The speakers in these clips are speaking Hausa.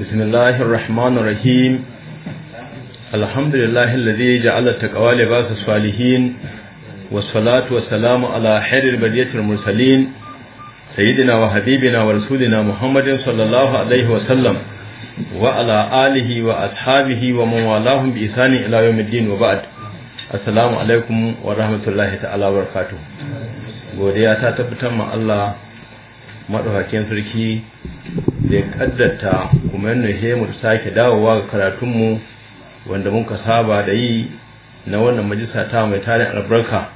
بسم الله الرحمن الرحيم الحمد لله الذي جعل التقوى لباس الصالحين والصلاة والسلام على خير البرية المرسلين سيدنا وحبيبنا ورسولنا محمد صلى الله عليه وسلم وعلى آله وأصحابه ومن والاهم بإحسان إلى يوم الدين وبعد السلام عليكم ورحمة الله تعالى وبركاته godiya ta tabbatar ma Allah maɗaukakin sarki da ya kaddata kuma yana he mu sake dawowa ga karatunmu wanda muka saba da yi na wannan majalisa ta mai tarin albarka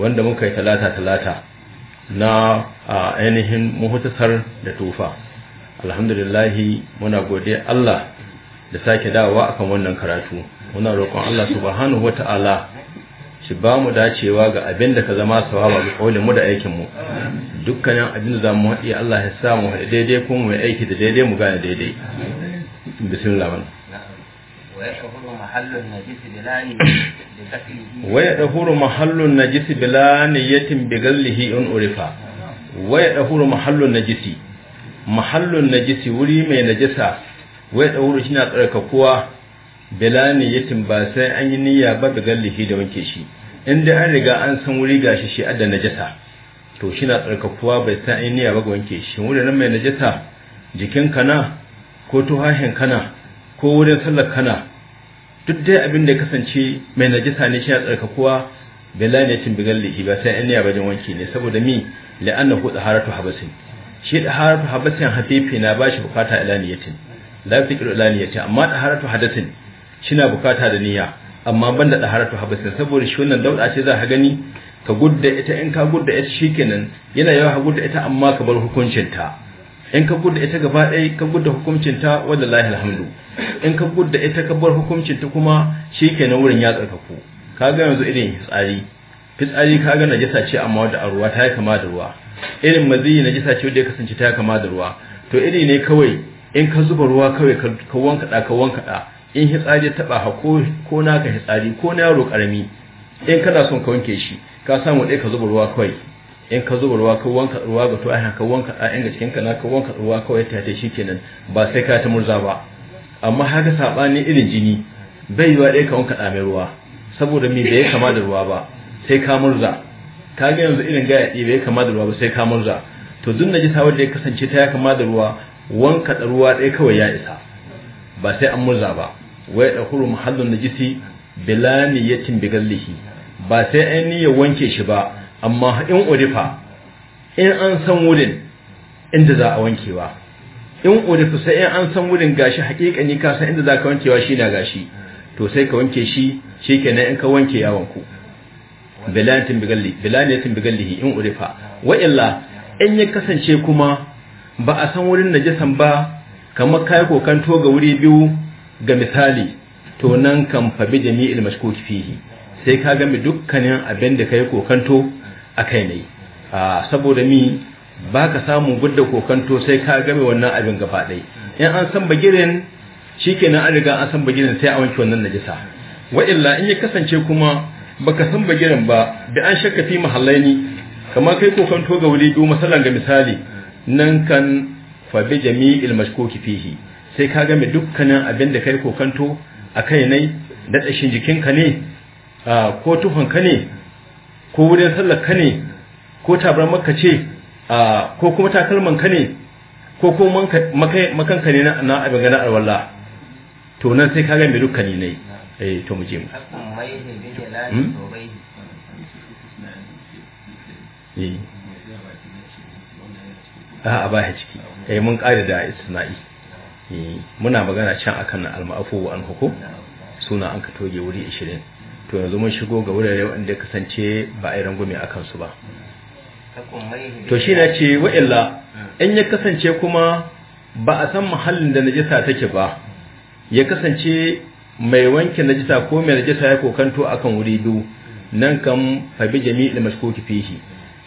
wanda muka yi talata talata na ainihin muhutasar da tufa alhamdulillahi muna gode Allah da sake dawowa akan wannan karatu muna roƙon Allah subhanahu wata'ala ci ba mu dacewa ga abin da ka zama sawaba ga kaulin mu da aikin mu dukkanin abin da zamu haɗi Allah ya sa mu haɗe daidai kuma mu aiki da daidai mu gane daidai bismillah man ya dahuru mahallun najisi bila niyatin bi gallihi in urifa ya dahuru mahallun najisi mahallun najisi wuri mai najisa ya dahuru shi na tsarkakuwa bilani yatim ba sai an yi niyya ba bi gallihi da wanke shi inda an riga an san wuri gashi shi adda najasa to shi na tsarkakuwa bai san ai niyya ba ga wanke shi wurin mai najasa jikin kana ko tuhahin kana ko wurin sallar kana duk dai abin da ya kasance mai najasa ne shi na tsarkakuwa bela ne cin bigan lihi ba sai in niyya ba jin wanke ne saboda mi la'annahu taharatu habasin shi taharatu habasin hafifi na shi bukata ilaniyatin la fikiru ilaniyatin amma taharatu hadasin shi na bukata da niyya amma ban da ɗaharatu habasin saboda shi wannan dauda ce za ka gani ka gudda ita in ka gudda ita shikenan yana yawa ka gudda ita amma ka bar hukuncin ta in ka gudda ita gaba ɗaya ka gudda hukuncin ta wallahi alhamdu in ka gudda ita ka bar hukuncin ta kuma shikenan wurin ya tsarkaku ka ga yanzu irin fitsari fitsari ka ga najasa ce amma wadda a ruwa ta yi kama da ruwa irin maziyi najasa ce wadda ya kasance ta yi kama da ruwa to iri ne kawai in ka zuba ruwa kawai ka wankaɗa ka wankaɗa in hitsari taba hako ko naka hitsari ko na yaro karami in kana son ka wanke shi ka samu dai ka zuba ruwa kawai in ka zuba ruwa ka wanka ruwa ga to a ka wanka a inga cikin ka na ka wanka ruwa kawai ta ta shikenan ba sai ka ta murza ba amma haka sabani irin jini bai yiwa dai ka wanka da mai ruwa saboda me bai kama da ruwa ba sai ka murza ka ga yanzu irin gaya ɗi bai kama da ruwa ba sai ka murza to duk ta wanda ya kasance ta ya kama da ruwa wanka da ruwa ɗaya kawai ya isa ba sai an murza ba wai da ɗahuru mahallin najisi bila niyyatin lihi, ba sai an niyyar wanke shi ba amma in urifa in an san wurin inda za a wanke wankewa in urifa sai in an san wurin gashi haƙiƙani ka san inda za ka wanke wa shi na gashi to sai ka wanke shi shi kenan in ka wanke yawon ku ya niyyatin bigallihi in urifa wa illa in ya kasance kuma ba a san wurin najasan ba kamar kai kokanto ga wuri biyu ga misali to nan kan fabi jami'il mashkuki fihi sai ka gami dukkanin abin da kai kokanto a kai ne saboda mi ba ka samu gudda kokanto sai ka gami wannan abin gaba ɗai in an san bagirin shikenan an riga an san bagirin sai a wanke wannan najisa wa illa in ya kasance kuma baka san bagirin ba da an shakka fi mahallaini kamar kai kokanto ga wuri biyu masallan ga misali nan kan fa bi jami'il mashkuki fihi sai ka game dukkanin abin da kai kokanto a kai nai, da tsashin jikinka ne ko tufanka ne ko wurin sallarka ne ko maka ce ko kuma takalmanka ne ko kuma makanka ne na abin gana alwala to nan sai ka game dukkanin ne eh to mu je mu hmm? eh. a ba ciki yi eh, mun ƙari da isna'i Hmm. muna magana can akan alma'afu an hukum suna an ka toge wuri 20 to yanzu mun shigo ga wurare wanda ya kasance ba a yi rangume a kansu ba to shi na ce wa'illa in ya kasance kuma ba a san muhallin da najisa take ba ya kasance mai wanke najisa ko mai najisa ya kokanto akan wuri biyu nan kan fabi jami'il maskoki fihi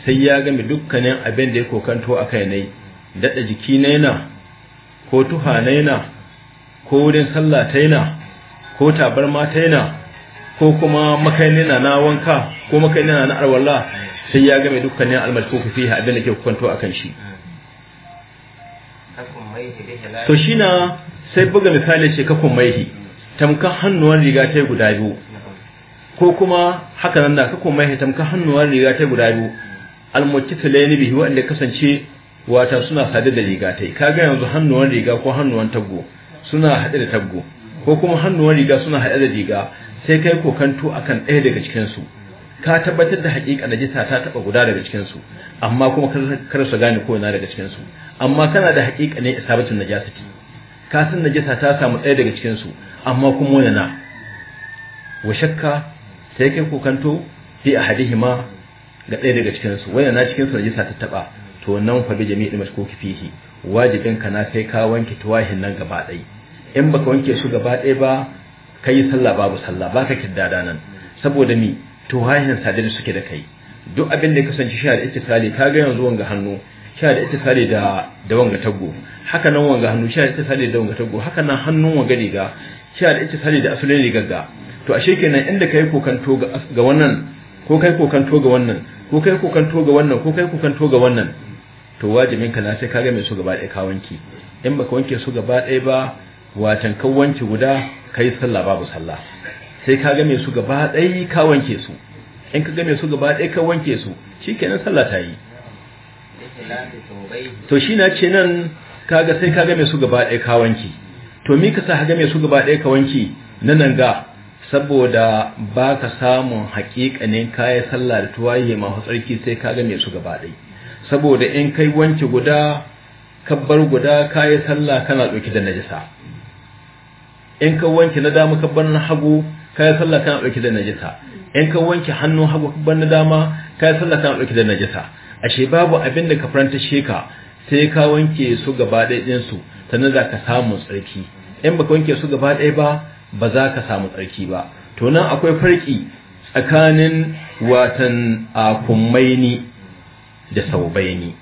sai ya gami dukkanin abin da ya kokanto akai ne daɗa jiki na yana ko tuhanaina ko wurin sallah taina ko tabarma taina ko kuma makainina na wanka ko makainina na arwala sai ya game dukkanin almalkuku fi abin da ke kwanto akan shi to shi na sai buga misali ce kakun maihi tamkan hannuwan riga ta guda biyu ko kuma haka nan da kakun maihi tamkan hannuwan riga ta guda biyu almuttasilai ne bihi wanda kasance wata suna sade da riga ta yi kaga yanzu hannuwan riga ko hannuwan taggo suna haɗe da taggo ko kuma hannuwan riga suna haɗe da riga sai kai kokanto akan ɗaya daga cikinsu ka tabbatar da haƙiƙa najisa ta taɓa guda daga cikinsu amma kuma kar su gane ko ina daga cikinsu amma kana da haƙiƙa ne isabatin najasati ka san najisa ta samu ɗaya daga cikinsu amma kuma wani na wa shakka sai kai kokanto fi hadihima ga ɗaya daga cikinsu wani na cikinsu najisa ta taɓa to nan fa bi jami'i mashkuki fihi wajibin ka na sai ka wanke tuwahin nan gaba ɗaya in baka wanke su gaba ɗaya ba kai sallah babu sallah baka kiddada nan saboda ni tuwahin sadar suke da kai duk abin da ya kasance shi da sali, ka ga yanzu wanga hannu shi da ittisali da da wanga taggo haka nan wanga hannu shi da sali da wanga taggo haka nan hannun wanga riga shi da sali da asulin riga ga to ashe kenan inda kai kokanto ga wannan ko kai kokanto ga wannan ko kai kokanto ga wannan ko kai kokanto ga wannan to wajibin ka na sai ka game su gaba ɗaya ka wanke in baka wanke su gaba ɗaya ba watan ka wanke guda kai sallah babu sallah sai ka game su gaba ɗaya ka wanke su in ka game su gaba ɗaya ka wanke su shikenan sallah ta yi to shi na ce nan kaga sai ka game su gaba ɗaya ka wanke to mi ka sa ka game su gaba ɗaya ka wanke na nan ga saboda ba ka samun haƙiƙanin kayan sallah da tuwaye masu tsarki sai ka game su gaba ɗaya saboda in kai wanki guda kabbar guda kayi sallah kana ɗauki da najisa in ka wanki na dama kabbar na hagu kayi sallah kana ɗauki da najisa in ka wanki hannu hagu kabbar na dama kayi sallah kana ɗauki da najisa ashe babu abin da ka faranta sheka sai ka wanke su gaba ɗaya ɗin su sannan za ka samu tsarki in baka wanke su gaba ɗaya ba ba za ka samu tsarki ba to nan akwai farki tsakanin watan a kummaini da saubaini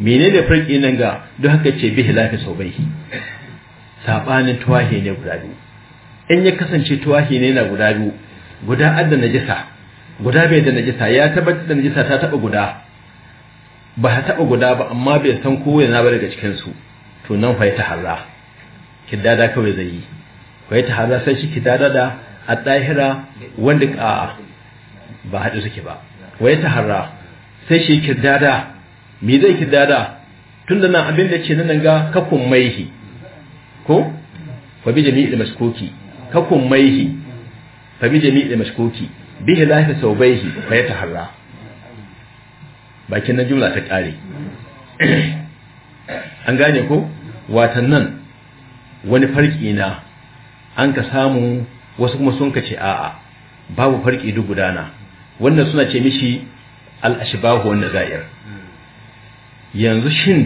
menene farki nan ga duk haka ce bihi lafi saubaihi sabanin tuwahi ne guda biyu in ya kasance tuwahi ne na guda biyu guda adda najisa guda bai da najisa ya tabbata da najisa ta taba guda ba ta taba guda ba amma bai san ko na ba daga cikin su to nan fa ya taharra kiddada kawai zai yi fa ya harra sai shi kiddada da a tahira wanda ba haɗu suke ba wai ta taharra sai shi kirdada me zai kirdada tun da nan abin da ce nan ga kakun maihi ko fa bi da mashkuki kakun maihi fa bi da mashkuki bi hilafi saubaihi fa ya taharra bakin nan jumla ta kare an gane ko watan nan wani farki na an ka samu wasu kuma sun ka ce a'a babu farki duk gudana wannan suna ce mishi al'ashibahu wanda za'ir yanzu shin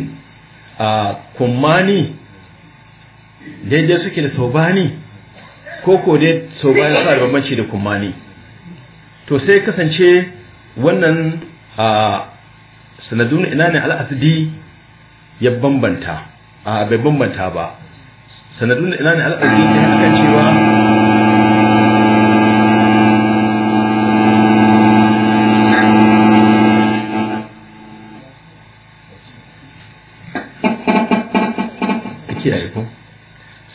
a kumani daidai suke da saubani ko ko dai saubani suna da bambanci da kumani to sai kasance wannan a sanadun ina ne al'asidi ya bambanta a bai bambanta ba sanadun ina ne al'asidi ya cewa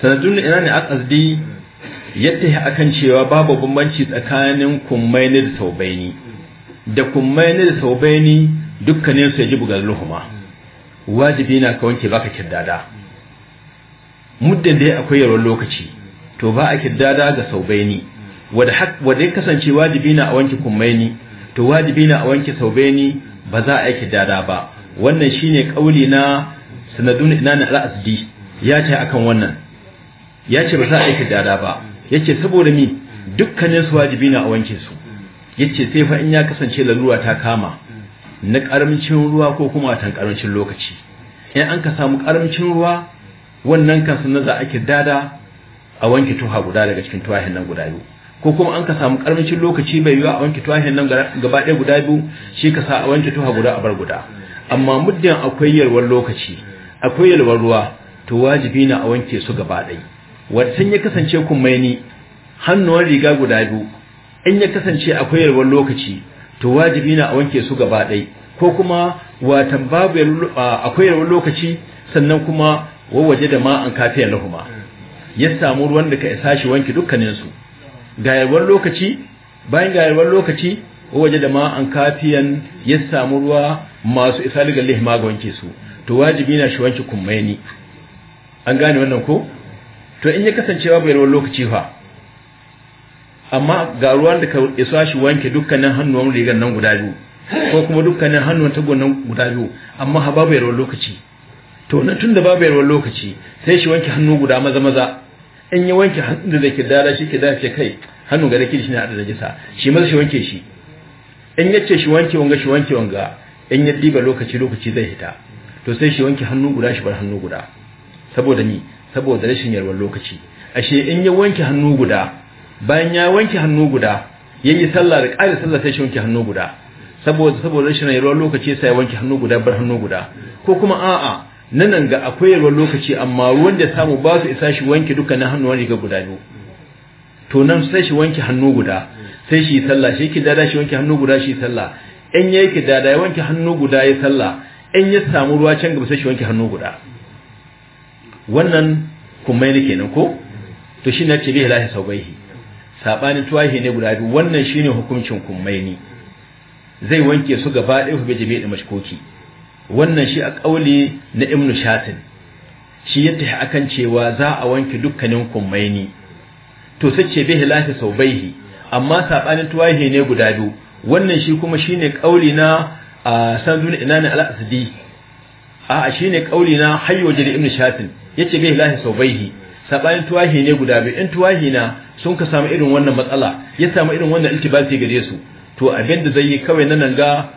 sanadun ina ne al yadda ya akan cewa babu bambanci tsakanin kummaini da saubaini da kummaini da saubaini dukkanin su ji bugar luhuma wajibi na ka wanke baka kiddada muddin da ya akwai yawan lokaci to ba a kiddada ga saubaini wadda ya kasance wajibi na a wanke kummaini to wajibi na a wanke saubaini ba za a yi kiddada ba wannan shine kauli na sanadun ina ne al-azdi ya ce akan wannan ya ce ba za a yi dada ba ya ce saboda mi dukkanin su wajibi na a wanke su ya ce sai fa in ya kasance lalura ta kama na karamcin ruwa ko kuma tan karamcin lokaci in an ka samu karamcin ruwa wannan kan sun za a aika dada a wanke tuha guda daga cikin tuwahin nan guda biyu ko kuma an ka samu karamcin lokaci bai yiwa a wanke tuwahin nan gaba ɗaya guda biyu shi ka sa a wanke tuha guda a bar guda amma muddin akwai yalwar lokaci akwai yalwar ruwa to wajibi na a wanke su gaba ɗaya wasan ya kasance kummaini hannuwan riga guda biyu in ya kasance akwai yalwar lokaci to wajibi na a wanke su gaba ɗai ko kuma watan babu akwai yalwar lokaci sannan kuma wawaje da ma an kafiya lahuma ya samu ruwan da ka isa shi wanke dukkaninsu ga yalwar lokaci bayan ga yalwar lokaci wawaje da ma an kafiyan ya samu ruwa masu isa ligar lihima ga wanke su to wajibi na shi wanke kummaini an gane wannan ko to in ya kasance babu yarwar lokaci fa amma ga ruwan da ka isa shi wanke dukkanin hannuwan rigar nan guda biyu ko kuma dukkanin hannuwan tagon nan guda biyu amma ha babu yarwar lokaci to na tun da babu yarwar lokaci sai shi wanke hannu guda maza maza in ya wanke hannun da zai dala shi ke dace kai hannu ga dake shi a da jisa shi maza shi wanke shi in ya ce shi wanke wanga shi wanke wanga in ya diba lokaci lokaci zai hita to sai shi wanke hannu guda shi bar hannu guda saboda ni saboda rashin yarwar lokaci ashe in ya wanke hannu guda bayan ya wanke hannu guda yayi sallah da ƙari sallah sai shi wanke hannu guda saboda saboda rashin yarwar lokaci sai ya wanke hannu guda bar hannu guda ko kuma a'a nan ga akwai yarwar lokaci amma ruwan da samu ba su isa shi wanke dukkanin hannuwan ga guda biyu to nan sai shi wanke hannu guda sai shi sallah shi ke dada shi wanke hannu guda shi sallah in yi ke dada ya wanke hannu guda ya sallah in ya samu ruwa can gaba sai shi wanke hannu guda wannan kuma ne kenan ko to shi na ce bihi lahi saubaihi sabanin tuwahi ne guda biyu wannan shine hukuncin kummaini zai wanke su gaba ɗaya ku bijimi da mashkoki wannan shi a ƙauli na ibnu shatin shi ya tafi akan cewa za a wanke dukkanin kummaini to sai ce bihi lahi saubaihi amma sabanin tuwahi ne guda biyu wannan shi kuma shine ƙauli na a sanzun ina ne al-asdi a'a shine kauli na hayyo jiri ibn shatin yace gai lahi saubaihi sabayin tuwahi ne guda biyu in tuwahi na sun ka samu irin wannan matsala ya samu irin wannan iltibasi gare su to abin da zai yi kawai nan ga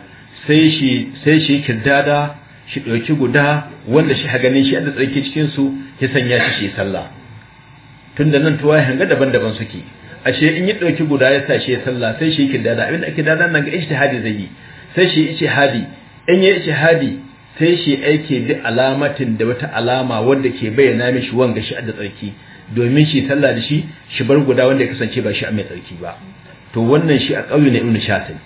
sai shi sai shi kiddada shi dauki guda wanda shi haganin shi da tsarki cikin su ya sanya shi shi sallah tunda nan tuwahi ga daban-daban suke ashe in yi dauki guda ya sa shi sallah sai shi kiddada abin da ake dada nan ga ijtihadi zai yi sai shi ijtihadi in yi ijtihadi sai shi aike bi alamatin da wata alama wanda ke bayyana mishi wanga shi da tsarki domin shi sallah da shi shi bar guda wanda ya kasance ba shi a mai tsarki ba to wannan shi a ƙauye na ibnu shatin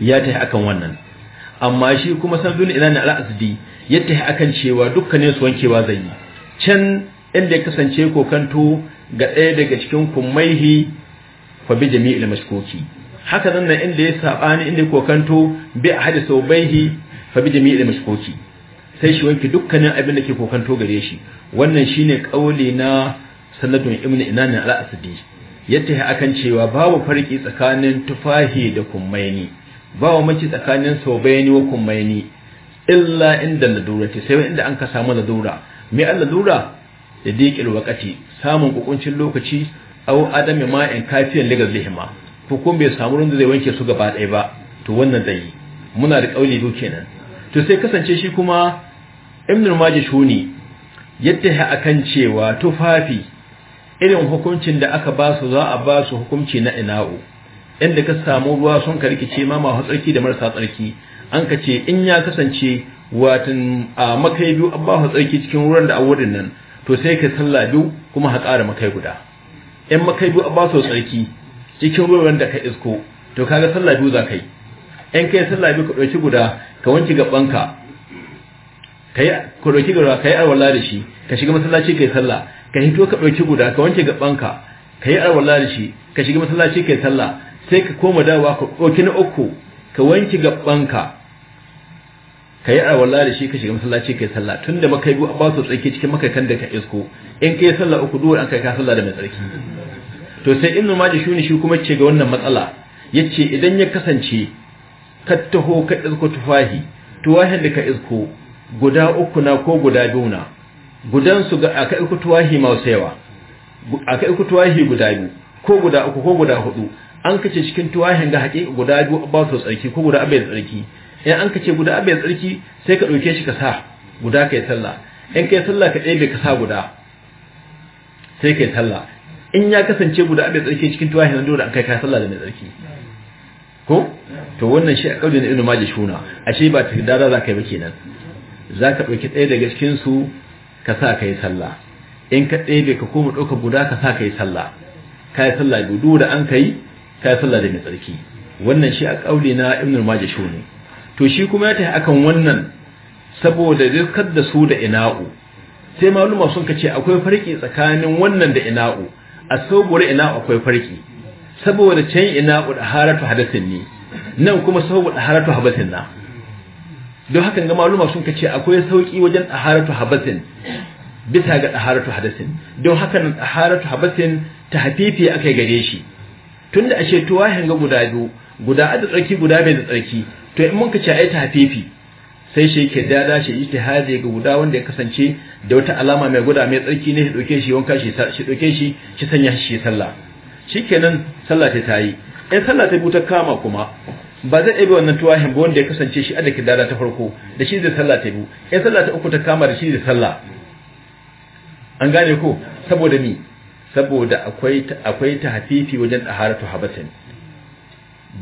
ya tafi akan wannan amma shi kuma sanadun ina ne al ya tafi akan cewa dukkanin su wankewa zai yi can inda ya kasance kokanto ga ɗaya daga cikin kummaihi fa bi jami'il maskuki haka nan inda ya sabani inda kokanto bi ahadi sawbaihi fa bi jami'il mashkuki sai shi wanke dukkanin abin da ke kokanto gare shi wannan shine kauli na sanadun ibnu inani al-asdi yatta akan cewa babu farki tsakanin tufahi da kummaini babu maki tsakanin saubaini wa kummaini illa inda ladurati sai inda an ka samu ladura mai Allah ladura da dikil wakati samun kukuncin lokaci aw adami in kafiyan liga zihima ko bai samu runda zai wanke su gaba ɗaya ba to wannan dai muna da kauli do kenan to sai kasance shi kuma ibnul shuni yadda akan cewa tufafi irin hukuncin da aka ba su za a ba su hukunci na ina'u inda ka samu ruwa sun rikice ma masu tsarki da marasa tsarki an ka ce in ya kasance watan a makai biyu an ba su tsarki cikin wurin da awurin nan to sai ka sallah biyu kuma ha ƙara makai guda in makai biyu an ba su tsarki cikin wurin da ka isko to kaga sallah biyu za ka in kai sallah bi ka ɗauki guda ka wanke gabanka ka ɗauki guda ka yi arwala da shi ka shiga masallaci kai sallah ka hito ka ɗauki guda ka wanke gabanka ka yi arwala da shi ka shiga masallaci kai sallah sai ka koma dawa ka ɗauki na uku ka wanke gabanka ka yi arwala da shi ka shiga masallaci kai sallah tun da makai biyu ba su tsarki cikin makaikan da ka isko in ka yi sallah uku duwar an kai ka sallah da mai tsarki to sai ibnu maji shuni shi kuma ce ga wannan matsala yace idan ya kasance ka taho ka izko tufahi tuwahin da ka izko guda uku na ko guda biyu na gudansu ga aka izko tuwahi masu yawa aka izko tuwahi guda biyu ko guda uku ko guda hudu an kace cikin tuwahin ga haƙi guda biyu ba su tsarki ko guda abai tsarki in an kace guda abai tsarki sai ka dauke shi ka sa guda kai sallah in kai sallah ka ɗebe ka sa guda sai kai sallah in ya kasance guda abai tsarki cikin tuwahin dole an kai ka sallah da mai tsarki ko to wannan shi a na ibn majah shuna ashe ba ta za ka yi ba kenan ka dauki ɗaya daga cikin su ka sa ka yi sallah in ka ɗebe ka koma ɗauka guda ka sa ka yi sallah ka yi sallah dudu da an kai yi sallah da mai tsarki wannan shi a kauli na ibn majah shuni to shi kuma ya tafi akan wannan saboda rikar da su da ina'u sai maluma sun kace akwai farki tsakanin wannan da ina'u a saboda ina'u akwai farki saboda can ina haratu hadasin ni nan kuma saboda haratu habasin na don hakan ga maluma sun kace akwai sauki wajen haratu habasin bisa ga haratu hadasin don hakan haratu habasin ta hafifi akai gare shi tunda ashe tuwahin ga guda biyu guda da tsarki guda bai da tsarki to in mun kace ai ta hafifi sai shi ke da yi ijtihadi ga guda wanda ya kasance da wata alama mai guda mai tsarki ne shi doke shi wanka shi shi shi shi sanya shi sallah shikenan sallah ta yi in sallah ta buta ta kama kuma ba zai ɗabi wannan tuwahin ba wanda ya kasance shi da kidada ta farko da shi zai sallah ta bu. in sallah ta uku ta kama da shi zai sallah an gane ko saboda ni saboda akwai akwai tahfifi wajen taharatu habasin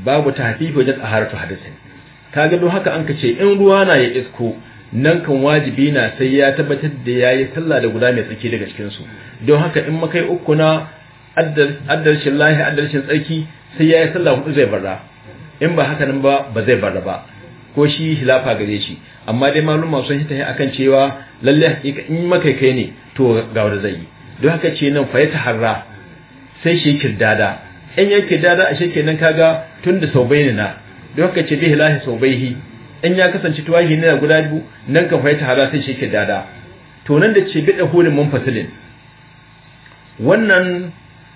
babu tahfifi wajen taharatu hadasin kaga don haka an kace in ruwa na ya isko nan kan wajibi na sai ya tabbatar da yayi sallah da guda mai tsaki daga cikin su don haka in makai uku na addarshin lahi addarshin tsarki sai ya yi sallah hudu zai barra in ba haka nan ba ba zai barra ba ko shi hilafa gare shi amma dai malum sun hita akan cewa lalle in makai kai ne to ga wanda zai yi don haka ce nan fa ya taharra sai shi kirdada in ya kirdada a shekenan kaga tun da saubaini na don haka ce bihi lahi saubaihi in ya kasance tuwahi ne guda biyu nan kan fa ya taharra sai shi kirdada to nan da ce hulun mun fasilin wannan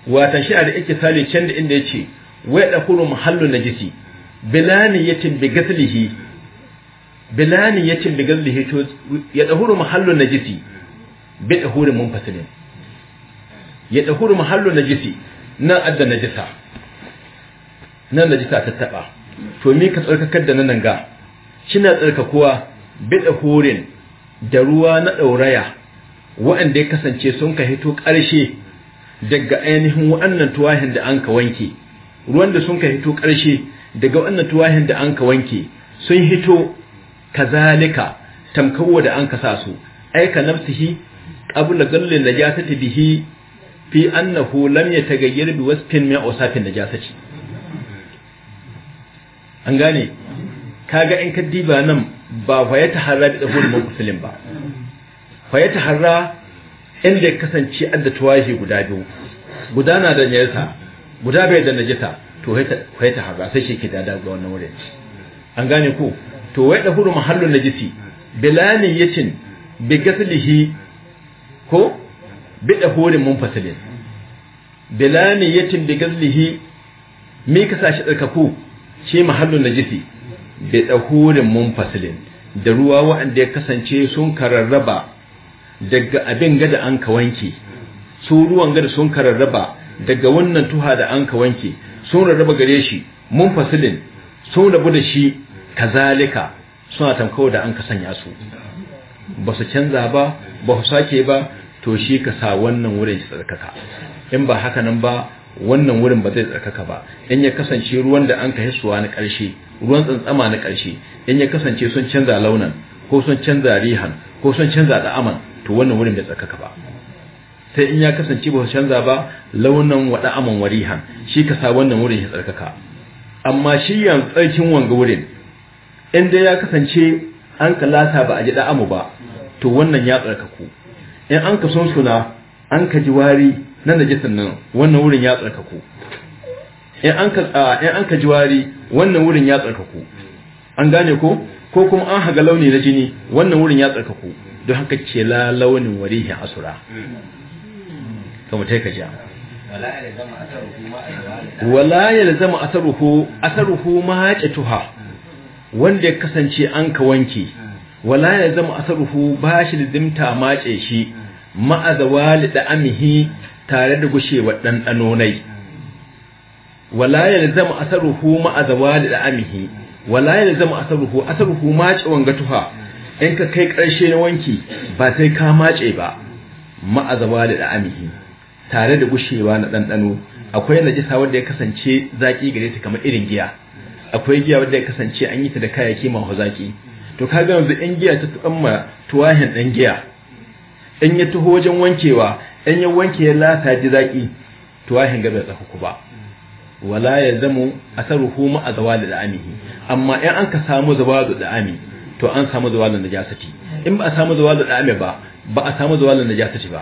wata shi da yake sale can da inda yace wai da kunu mahallun najisi bilani yatin bi gaslihi bilani yatin bi gaslihi to ya dahuru mahallun najisi bi dahuri munfasilin ya dahuru na najisi nan adda najisa nan najisa ta taba to me ka tsarkakar da nan ga kina tsarkakuwa bi dahurin da ruwa na dauraya waɗanda ya kasance sun ka hito ƙarshe daga ainihin wa'annan tuwahin da an ka wanke ruwan da sun ka hito ƙarshe daga wannan tuwahin da an ka wanke sun hito kazalika tamkawa da an ka sa su aika nafsihi qabla gallin najasati bihi fi annahu lam yataghayyar bi wasfin min awsafin najasati an gane kaga in ka diba nan ba fa ya taharra bi dahul muslim ba fa ya taharra inda ya kasance adda tawahi guda biyu guda na da najasa guda bai da najisa to sai ta haza sai shi ke da ga wannan wurin an gane ku? to wai da huru mahallun najisi bilani yatin bi gaslihi ko bi da hurin munfasilin bilani yatin bi gaslihi me ka sa shi tsarkaku shi mahallun najisi bi da hurin munfasilin da ruwa wa'anda ya kasance sun kararraba daga abin gada an ka wanke su ruwan gada sun kararraba daga wannan tuha da an ka wanke sun rarraba gare shi mun fasilin sun rabu da shi kazalika suna tamkawa da an ka sanya su ba su canza ba ba su sake ba to shi ka sa wannan wurin shi tsarkaka in ba haka nan ba wannan wurin ba zai tsarkaka ba in ya kasance ruwan da an ka hisuwa na ƙarshe ruwan tsantsama na ƙarshe in ya kasance sun canza launin, ko sun canza rihan ko sun canza da'aman to wannan wurin bai tsakaka ba sai in ya kasance ba canza ba launin wada aman warihan shi ka sa wannan wurin ya tsarkaka amma shi yan tsarkin wanga wurin inda ya kasance an lata ba a ji da'amu ba to wannan ya tsarkaku in an ka son suna an ka ji wari nan da jisan nan wannan wurin ya tsarkaku in an ka ji wari wannan wurin ya tsarkaku an gane ko ko kuma an haga launi na jini wannan wurin ya tsarkaku don haka ce la launin warihin asura kamar ta yi kajiya wala ya lazama asaruhu asaruhu tuha. wanda ya kasance an ka wanke wala ya zama asaruhu ba shi da zimta mace shi wali, da amihi tare da gushewar ɗanɗano nai wala ya zama asaruhu wali, da amihi wala ya zama asaruhu asaruhu mace wanga tuha in ka kai ƙarshe na wanki ba sai ka mace ba ma'azaba da da'amihi tare da gushewa na ɗanɗano akwai najisa wanda ya kasance zaƙi gare ta kamar irin giya akwai giya wanda ya kasance an yi ta da kayayyaki mahu zaƙi to ka ga yanzu 'yan giya ta tuɓan ma tuwahin ɗan giya in ya taho wajen wankewa in ya wanke ya lasa ji zaƙi tuwahin gaba ya tsaka ba wala ya zamo asaruhu ma'azaba da da'amihi amma in an ka samu zaba da da'amihi to an samu zawalin najasati in ba a samu zawalin dame ba ba a samu zawalin najasati ba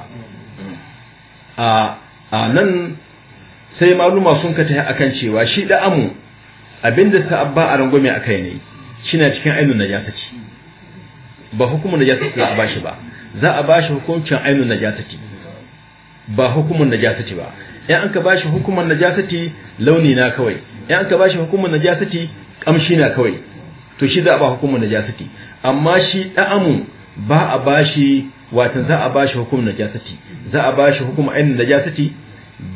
a nan sai maluma sun kata akan cewa shi da'amu abinda abba a rangwame a kai ne na cikin ainihin najasati ba hukumin najasati za a bashi ba za a bashi hukuncin ainihin najasati ba hukumin najasati ba in an ka bashi hukumar najasati launi na kawai in an ka bashi hukumar najasati kamshi na kawai to shi za a ba hukumar najasati amma shi da'amu ba a bashi watan za a bashi hukumar najasati za a bashi hukumar ainihin najasati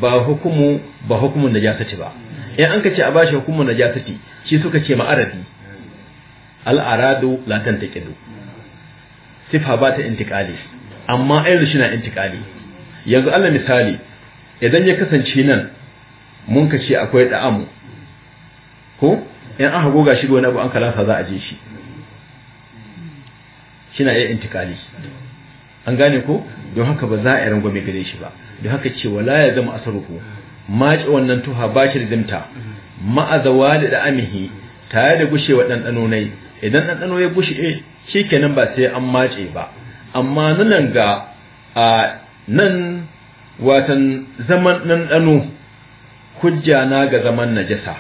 ba hukumu ba najasati ba in an ka ce a bashi hukumar najasati shi suka ce ma'aradi al'aradu latanta tantaqidu sifa ba ta intikali amma ainihin shi na intikali yanzu Allah misali idan ya kasance nan mun ka ce akwai da'amu ko in an goga shi da wani abu an kalafa za a je shi shina iya intikali an gane ko don haka ba za a yi rangwame gare shi ba don haka ce wala ya zama a ma maci wannan tuha ba shi a ma'azawa da da'amihi tare da wa ɗanɗano nai idan ɗanɗano ya gushe eh, shi kenan ba sai an mace ba amma nan ga a nan watan zaman ɗanɗano hujja na ga zaman najasa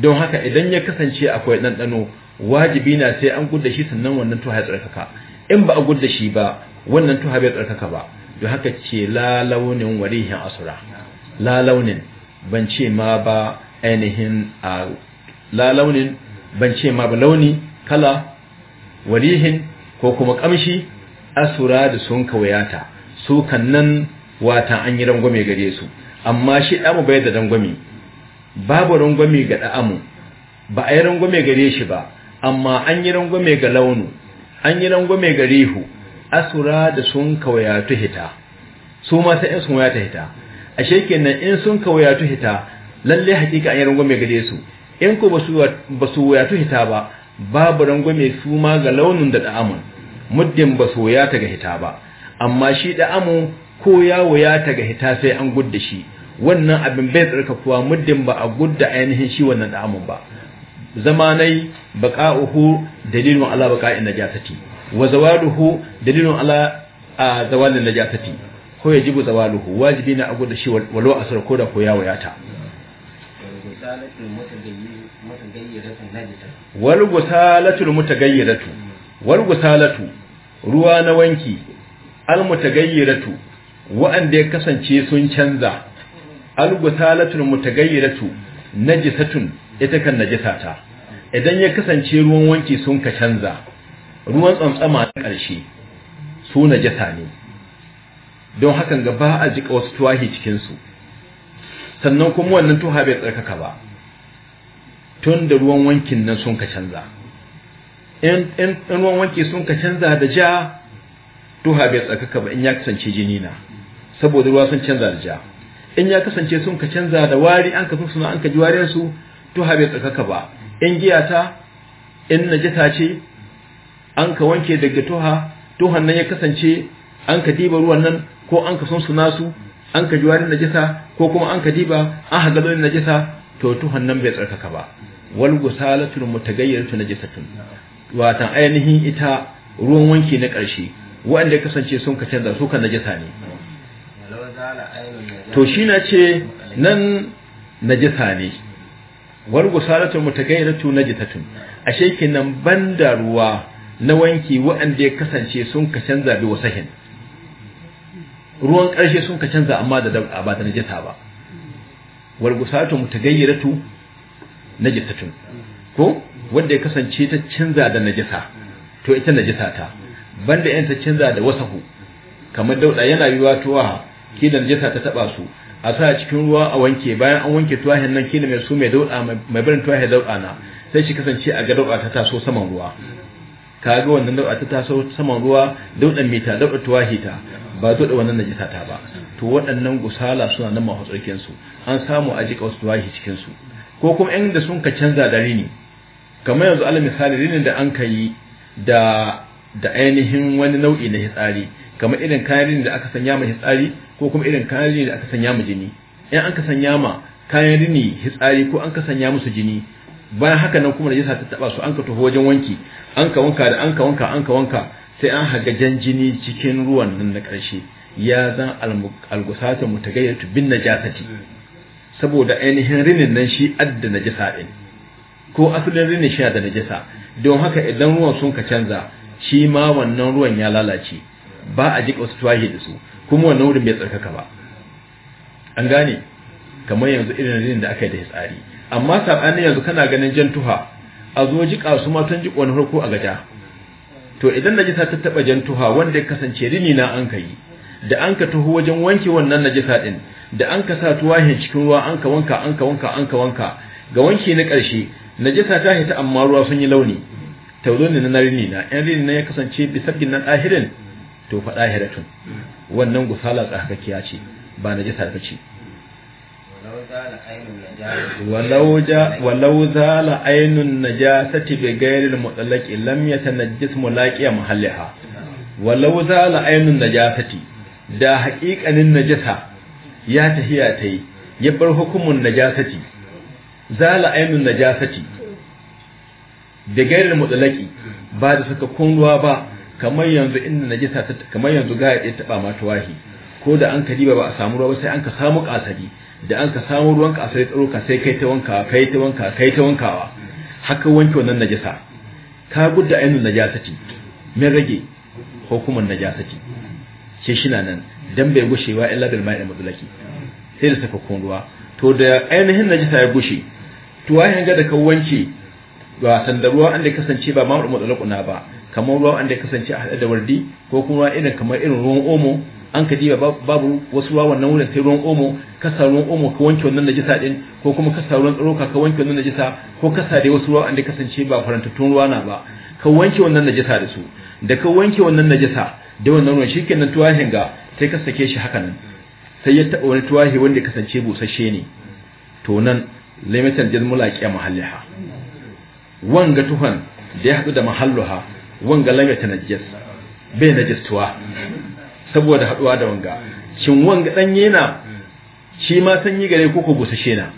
don haka idan ya kasance akwai ɗanɗano wajibi na sai an gudda shi sannan wannan tuha ya tsarkaka in ba a gudda shi ba wannan tuha bai tsarkaka ba don haka ce la launin warihin asura la launin ban ce ma ba ainihin a la ban ce ma ba launi kala warihin ko kuma kamshi asura da sun kawayata su kan nan wata an yi rangwame gare su amma shi ɗamu bai da rangwame babu rangwame ga da'amu ba a yi rangwame gare shi ba amma an yi rangwame ga launu an yi rangwame ga rihu asura da sun kawayatu hita su ma sai in sun ta hita a shekin nan in sun kawayatu hita lalle hakika an yi rangwame gare su in ko ba su wayatu hita ba babu rangwame su ma ga launin da da'amun muddin ba su ta ga hita ba amma shi da'amu ko ya ta ga hita sai an gudda shi wannan abin bai tsarkakuwa muddin ba a gudda ainihin shi wannan da'amun ba zamanai baqa'uhu dalilin ala baqa'in najasati wa zawaluhu dalilin ala zawalin najasati ko yajibu zawaluhu wajibi na abu da shi walau a ko da ko ya wayata wal gusalatul mutagayyiratu wal gusalatu ruwa na wanki al mutagayyiratu wa'anda ya kasance sun canza algusalatul mutagayyiratu najisatun ita kan najisata idan ya kasance ruwan wanki sun ka canza ruwan tsantsama na ƙarshe su najisa ne don hakan ga ba a jika wasu tuwahi cikinsu sannan kuma wannan tuha bai tsarkaka ba tun da ruwan wankin nan sun ka canza in ruwan wanki sun ka canza da ja tuha bai tsarkaka ba in ya kasance jini na saboda ruwa sun canza da ja in ya kasance sun ka canza da wari an ka sun suna an ka ji wariyar su to ha bai tsakaka ba in giya ta in najasa ce an ka wanke daga toha tohan nan ya kasance an ka diba ruwan nan ko an ka sun suna su an ka ji warin najasa ko kuma an ka diba an ha galonin najasa to tohan nan bai tsakaka ba wal gusalatul mutagayyiratu najasatun watan ainihin ita ruwan wanki na ƙarshe wanda kasance sun ka canza su kan najasa ne to shi na ce nan najisa ne war gusalatu mutagayyiratu najitatun ashe ban banda ruwa na wanki waɗanda ya kasance sun ka canza bi wasahin ruwan ƙarshe sun ka canza amma da dabba ba ta najisa ba war gusalatu mutagayyiratu najisatun ko wanda ya kasance ta canza da najisa to ita najisa ta banda yan ta canza da wasahu kamar dauda yana wa tuwa kila najasa ta taba su a sa cikin ruwa a wanke bayan an wanke tuwahin nan kila mai su mai dauda mai barin tuwahin dauda na sai shi kasance a ga dauda ta taso saman ruwa Ka ga wannan dauda ta taso saman ruwa dauɗan mita dauda tuwahi ta ba dauda wannan najasa ta ba to waɗannan gusala suna nan mahu tsarkin su an samu a jika wasu tuwahi cikin su ko kuma yan da sun ka canza da rini kamar yanzu alal misali rinin da an kai da da ainihin wani nau'i na hitsari kamar irin kayan da aka sanya ma hitsari ko kuma irin kayan da aka sanya ma jini in an ka sanya ma kayan rini hitsari ko an ka sanya musu jini bayan haka nan kuma najasa ta taba su an ka taho wajen wanki an ka wanka da an ka wanka an ka wanka sai an haga jan jini cikin ruwan nan na ƙarshe ya zan algusata mutagayyatu bin najasati saboda ainihin rinin nan shi adda najasa din ko asalin rinin shi da najasa don haka idan ruwan sun ka canza shi ma wannan ruwan ya lalace ba a jika wasu tuwahi da su kuma wannan wurin bai tsarkaka ba an gane kamar yanzu irin rin da aka yi da tsari amma sabanin yanzu kana ganin jan tuha a zo jika su matan jika wani harko a gada to idan najisa ta taba jan tuha wanda ya kasance rini na an ka yi da an ka taho wajen wanke wannan najisa din da an ka sa tuwahin cikin ruwa an ka wanka an ka wanka an ka wanka ga wanki na ƙarshe najisa ta hita amma ruwa sun yi launi ne na rini na ɗan rini na ya kasance bisabgin nan ɗahirin to faɗa hiratun wannan gusala tsakakkiya ce ba na jisa ta ce walau zala ainun najasati lamya ta mutlaqi lam a mahalli ha. walau za zala ainun sati da haƙiƙanin na jisa ya tahiya ta yi ya bar hukumin najasati zala ainun najasati da gairar mutsalaki ba da saka kunruwa ba kamar yanzu inda na jisa kamar yanzu ga ya taba ma tawahi ko da an kadiba ba a samu ruwa sai an ka samu kasari da an ka samu ruwan kasari ka sai kai ta wanka kai ta wanka kai ta wankawa haka wanke wannan najasa ka gudda ainun najasati min rage hukumar najasati shi shina nan dan bai wa illa bil ma'i mutlaqi sai da saka kunruwa to da ainihin najasa ya gushe tuwahin ga da ka wanke wasan da ruwan da kasance ba mamur mutsalakuna ba kamar ruwan da kasance a haɗe da wardi ko kuma irin kamar irin ruwan omo an ka diba babu wasu ruwa wannan wurin sai ruwan omo kasa ruwan omo ka wanke wannan najisa din ko kuma kasa ruwan tsaroka ka wanke wannan najisa ko kasa dai wasu ruwa da kasance ba farantattun ruwa na ba ka wanke wannan najisa da su da ka wanke wannan najisa da wannan ruwan kenan tuwahin ga sai ka sake shi haka nan sai ya taɓa wani tuwahi wanda kasance busasshe ne to nan limitan jazmula qiya mahalliha wanga tuhan da ya haɗu da mahalluha wanga lamata najis bai najistuwa saboda haɗuwa da wanga shin wanga ɗanye yana shi ma sanyi gare ko ko busashe na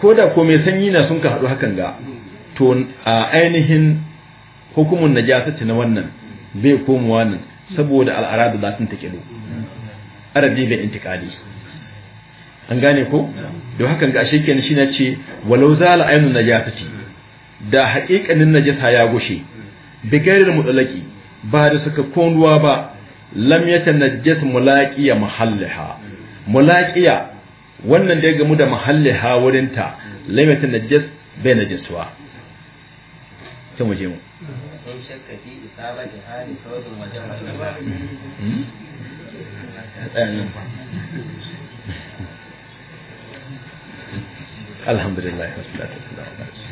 ko da ko mai sanyi na sun ka haɗu hakan ga to a ainihin hukumun najasati na wannan bai komowa nan saboda al'aradu za sun taƙido arabi bai intikali an gane ko don hakan ga shi kenan shi na ce walau zala ainihin najasati da haƙiƙanin najasa ya gushe bi gairin mutsalaki ba da suka konuwa ba lam yata najjas mulaqiya mahalliha mulaqiya wannan da ya gamu da mahalliha wurinta lam yata bai najaswa ta muje mu hmm? alhamdulillah wassalatu wassalamu